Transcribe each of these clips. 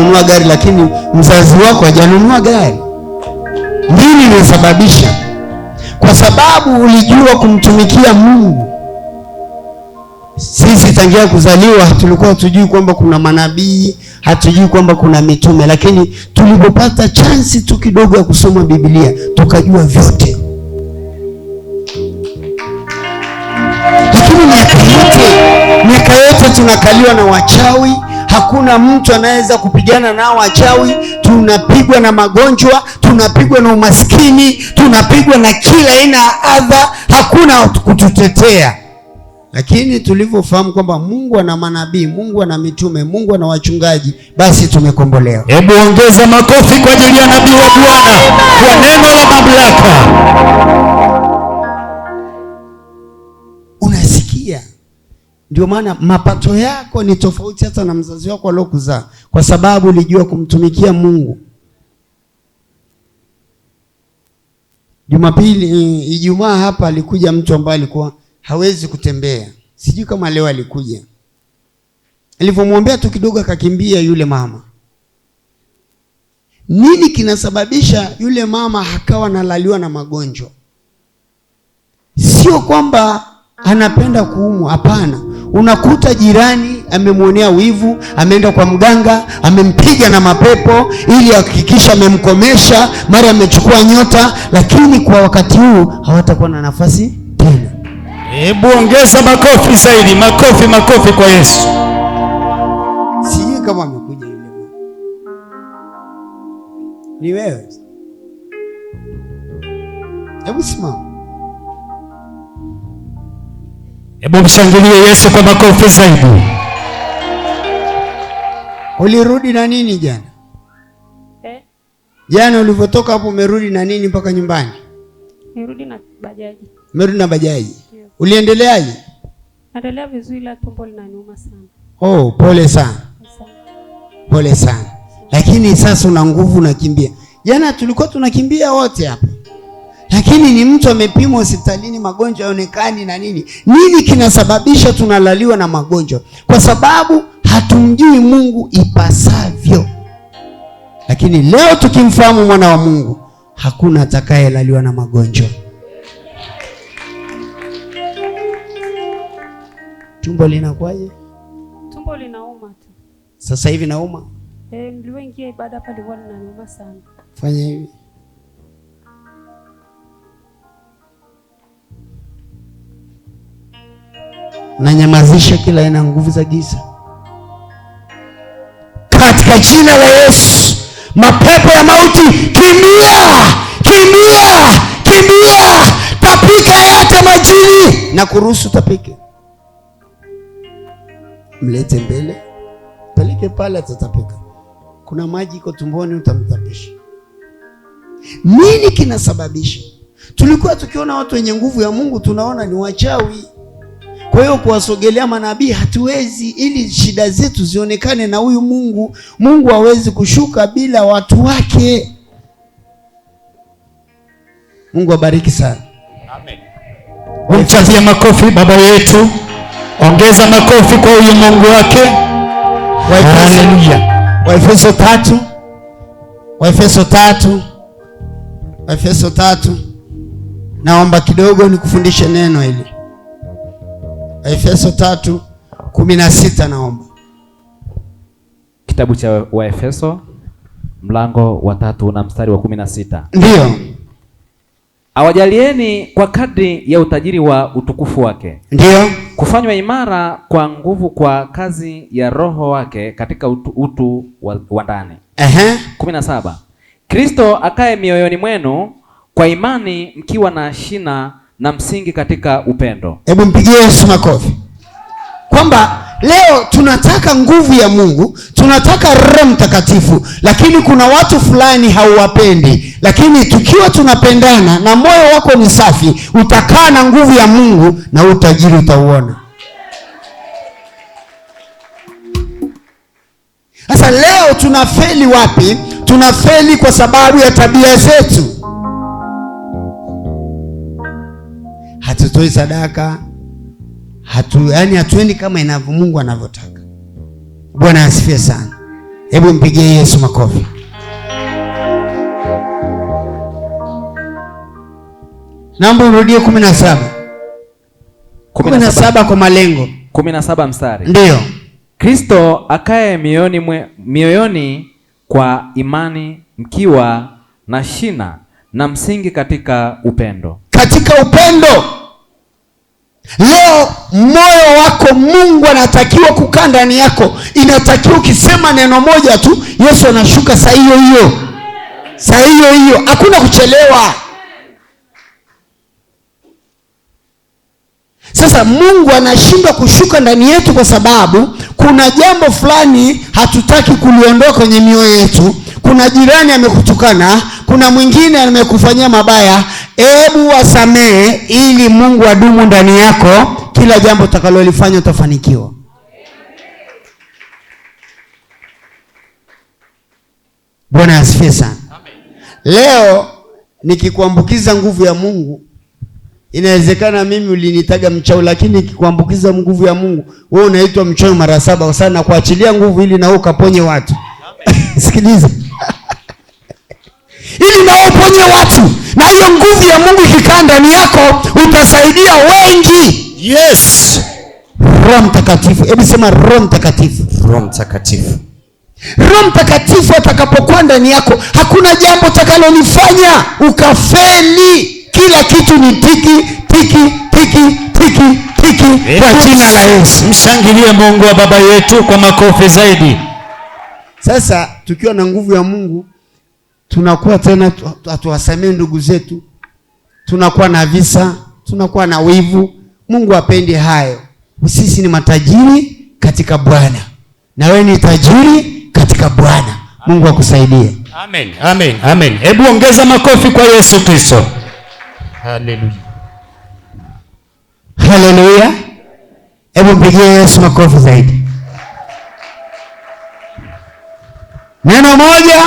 Nunua gari lakini mzazi wako hajanunua gari. Nini inasababisha? Kwa sababu ulijua kumtumikia Mungu. Sisi tangia kuzaliwa tulikuwa hatujui kwamba kuna manabii, hatujui kwamba kuna mitume, lakini tulipopata chansi tu kidogo ya kusoma Biblia tukajua vyote. Lakini miaka yote miaka yote tunakaliwa na wachawi Hakuna mtu anaweza kupigana nao wachawi. Tunapigwa na magonjwa, tunapigwa na umaskini, tunapigwa na kila aina ya adha, hakuna kututetea. Lakini tulivyofahamu kwamba Mungu ana manabii, Mungu ana mitume, Mungu ana wachungaji, basi tumekombolewa. Hebu ongeza makofi kwa ajili ya nabii wa Bwana kwa neno la mamlaka. Ndio maana mapato yako ni tofauti hata na mzazi wako aliokuzaa, kwa sababu ulijua kumtumikia Mungu. Jumapili, Ijumaa hapa alikuja mtu ambaye alikuwa hawezi kutembea, sijui kama leo alikuja. Alivyomwombea tu kidogo akakimbia yule mama. Nini kinasababisha yule mama akawa analaliwa na magonjwa? Sio kwamba anapenda kuumwa, hapana. Unakuta jirani amemwonea wivu, ameenda kwa mganga, amempiga na mapepo ili ahakikisha amemkomesha, mara amechukua nyota, lakini kwa wakati huu hawatakuwa na nafasi tena. Hebu ongeza makofi zaidi, makofi, makofi kwa Yesu. Sijui kama amekuja yule, ni wewe. Hebu simama. Hebu mshangilie Yesu kwa makofi zaidi. Ulirudi na nini jana? Eh? Jana ulivyotoka hapo umerudi na nini mpaka nyumbani? Nirudi na bajaji. Umerudi na bajaji. Uliendeleaje? Naendelea vizuri la tumbo linaniuma sana. Oh, pole sana. Pole sana. Lakini sasa una nguvu unakimbia. Jana tulikuwa tunakimbia wote hapa lakini ni mtu amepimwa hospitalini, magonjwa yaonekani na nini nini. Kinasababisha tunalaliwa na magonjwa kwa sababu hatumjui Mungu ipasavyo. Lakini leo tukimfahamu mwana wa Mungu, hakuna atakayelaliwa na magonjwa. Tumbo linakuwaje? Tumbo linauma tu. Sasa hivi nauma. Eh, nilipoingia ibada pale niliuma sana. Fanya hivi. nanyamazisha kila aina nguvu za giza katika jina la Yesu. Mapepo ya mauti kimbia, kimbia, kimbia! Tapika yote majini na kuruhusu tapike, mlete mbele, peleke pale, atatapika. Kuna maji iko tumboni, utamtapisha. Nini kinasababisha? Tulikuwa tukiona watu wenye nguvu ya Mungu tunaona ni wachawi kwa hiyo kuwasogelea manabii hatuwezi, ili shida zetu zionekane na huyu Mungu. Mungu hawezi kushuka bila watu wake. Mungu abariki sana, amen. Umchazia makofi baba yetu, ongeza makofi kwa huyu Mungu wake. Haleluya. Waefeso tatu, Waefeso tatu, Waefeso tatu. Naomba kidogo nikufundishe neno hili Efeso tatu kumi na sita naomba. Kitabu cha Waefeso mlango wa tatu na mstari wa kumi na sita. Ndiyo. Awajalieni kwa kadri ya utajiri wa utukufu wake. ndio Kufanywa imara kwa nguvu kwa kazi ya Roho wake katika utu, utu wa wa ndani. Ehe. kumi na saba. Kristo akae mioyoni mwenu kwa imani mkiwa na shina na msingi katika upendo. Hebu mpigie Yesu makofi, kwamba leo tunataka nguvu ya Mungu, tunataka Roho Mtakatifu, lakini kuna watu fulani hauwapendi. Lakini tukiwa tunapendana na moyo wako ni safi, utakaa na nguvu ya Mungu na utajiri utauona. Sasa leo tunafeli wapi? Tunafeli kwa sababu ya tabia zetu. hatutoi sadaka hatu, yani hatuendi kama inavyo Mungu anavyotaka. Bwana asifiwe sana. Hebu mpigie Yesu makofi. Naomba urudie kumi na saba kumi na saba kwa malengo kumi na saba mstari ndio Kristo akaye mioyoni mioyoni kwa imani, mkiwa na shina na msingi katika upendo katika upendo. Leo moyo wako Mungu anatakiwa kukaa ndani yako, inatakiwa ukisema neno moja tu, Yesu anashuka saa hiyo hiyo, saa hiyo hiyo, hakuna kuchelewa. Sasa Mungu anashindwa kushuka ndani yetu kwa sababu kuna jambo fulani hatutaki kuliondoa kwenye mioyo yetu. Kuna jirani amekutukana, kuna mwingine amekufanyia mabaya, Ebu wasamehe ili Mungu adumu ndani yako, kila jambo utakalolifanya utafanikiwa. Bwana asifiwe sana. Leo nikikuambukiza nguvu ya Mungu, inawezekana mimi ulinitaga mchawi, lakini nikikuambukiza nguvu ya Mungu, wewe unaitwa mchawi mara saba, kwa sababu nakuachilia nguvu ili nawe ukaponye watu. Sikiliza, ili nawe uponye watu na hiyo nguvu ya Mungu ikikaa ndani yako utasaidia wengi. Yes, Roho Mtakatifu, hebu sema Roho Mtakatifu. Roho Mtakatifu, Roho Mtakatifu atakapokuwa ndani yako hakuna jambo utakalolifanya ukafeli. Kila kitu ni tiki tiki tiki tiki tiki, kwa jina la Yesu. Mshangilie Mungu wa baba yetu kwa makofi zaidi. Sasa tukiwa na nguvu ya Mungu tunakuwa tena hatuwasamee ndugu zetu, tunakuwa na visa, tunakuwa na wivu. Mungu apende hayo. Sisi ni matajiri katika Bwana, na wewe ni tajiri katika Bwana. Mungu akusaidie. Amen, amen, amen. Hebu ongeza makofi kwa Yesu Kristo. Haleluya, haleluya. Hebu mpigie Yesu makofi zaidi. Neno moja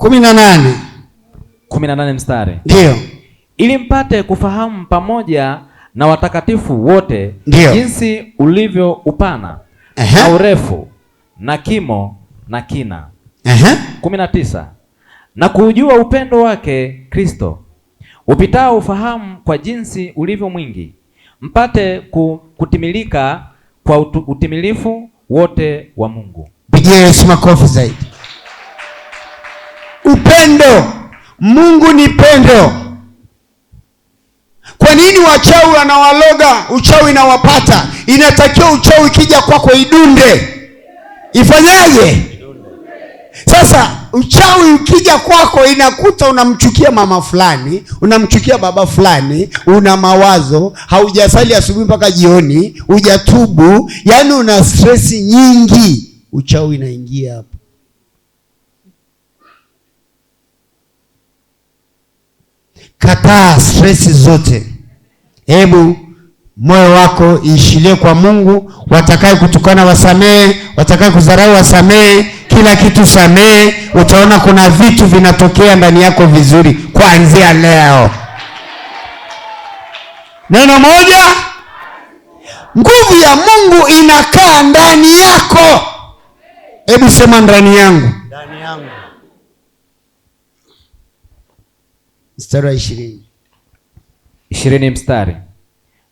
kumi na nane kumi na nane mstari ndio ili mpate kufahamu pamoja na watakatifu wote ndiyo, jinsi ulivyo upana Aha. na urefu na kimo na kina. kumi na tisa na kuujua upendo wake Kristo upitao ufahamu kwa jinsi ulivyo mwingi mpate kutimilika kwa utimilifu wote wa Mungu. Pigia Yesu makofi zaidi upendo. Mungu ni pendo. Kwa nini wachawi wanawaloga? Uchawi inawapata, inatakiwa uchawi ikija kwako kwa idunde, ifanyaje? Sasa uchawi ukija kwako inakuta unamchukia mama fulani, unamchukia baba fulani, una mawazo, haujasali asubuhi mpaka jioni, hujatubu, yaani una stresi nyingi, uchawi inaingia hapo. Kataa stress zote, hebu moyo wako iishilie kwa Mungu. Watakaye kutukana wasamehe, watakaye kudharau wasamehe, kila kitu samehe. Utaona kuna vitu vinatokea ndani yako vizuri kuanzia leo. Neno moja, nguvu ya Mungu inakaa ndani yako. Hebu sema ndani yangu, ndani yangu. mstari wa ishirini ishirini mstari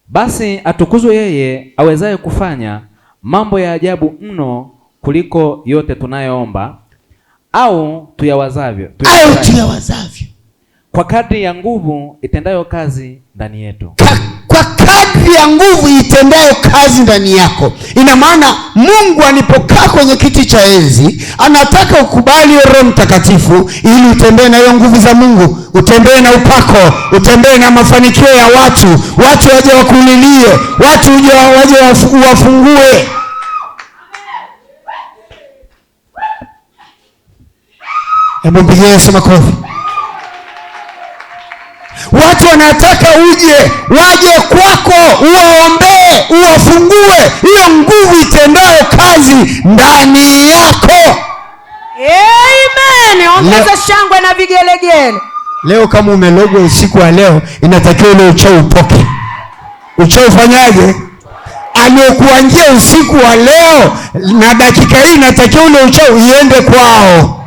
basi atukuzwe yeye awezaye kufanya mambo ya ajabu mno kuliko yote tunayoomba au tuyawazavyo, tuyawazavyo. Au tuyawazavyo kwa kadri ya nguvu itendayo kazi ndani yetu kwa pia nguvu itendayo kazi ndani yako. Ina maana Mungu anipokaa kwenye kiti cha enzi anataka ukubali Roho Mtakatifu ili utembee na hiyo nguvu za Mungu, utembee na upako, utembee na mafanikio ya watu, watu waje wakulilie, watu waje wafungue Hebu mpigie Yesu makofi. Watu wanataka uje waje kwako, uwaombee, uwafungue, hiyo nguvu itendayo kazi ndani yako. Amen. Ongeza shangwe na vigelegele. Leo kama umelogwa usiku wa leo, inatakiwa ile uchao upoke. Uchao ufanyaje? Aliyekuanjia usiku wa leo na dakika hii, inatakiwa ule uchao iende kwao.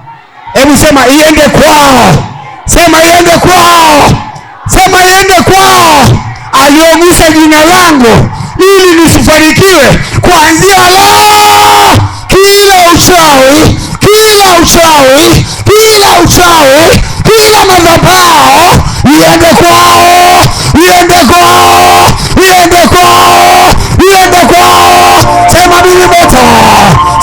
Hebu sema iende kwao, sema iende kwao niende kwao aliogusa jina langu ili nisifanikiwe. Kuanzia leo, kila uchawi, kila uchawi, kila uchawi, kila madhabahu iende kwao, iende kwao, iende kwao, iende kwao. Sema mimi moto,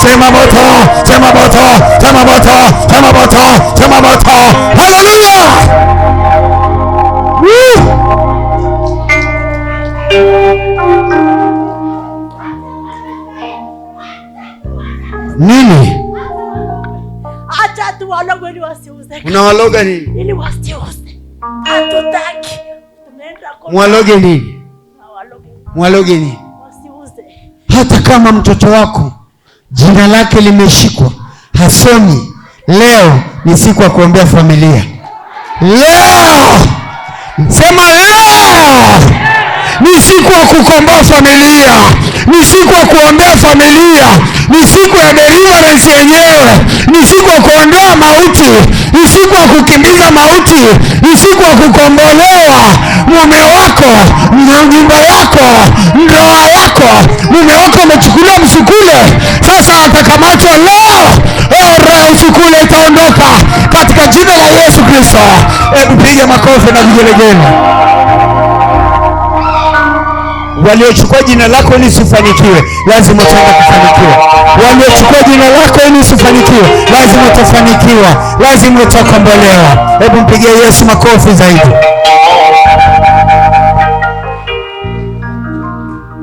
sema moto, sema moto, sema moto, sema moto, sema moto. Haleluya! Unawaloga nini? Ili wasiuze. Hatutaki. Mwaloge nini? Mwaloge nini? Wasiuze. Hata kama mtoto wako jina lake limeshikwa, hasomi, leo ni siku ya kuombea familia. Leo sema leo ni siku ya kukomboa familia, ni siku ya kuombea familia, ni siku ya deliverance yenyewe, ni siku ya kuondoa mauti, ni siku ya kukimbiza mauti, ni siku ya kukombolewa. Mume wako, nyumba yako, ndoa yako, mume wako amechukuliwa msukule, sasa atakamatwa leo. Oh, Roho usukule itaondoka katika jina la Yesu Kristo. Hebu piga makofi na vigelegele. Waliochukua jina lako ili usifanikiwe, lazima utaenda kufanikiwa. Waliochukua jina lako ili usifanikiwe, lazima utafanikiwa, lazima utakombolewa. Hebu mpigie Yesu makofi zaidi.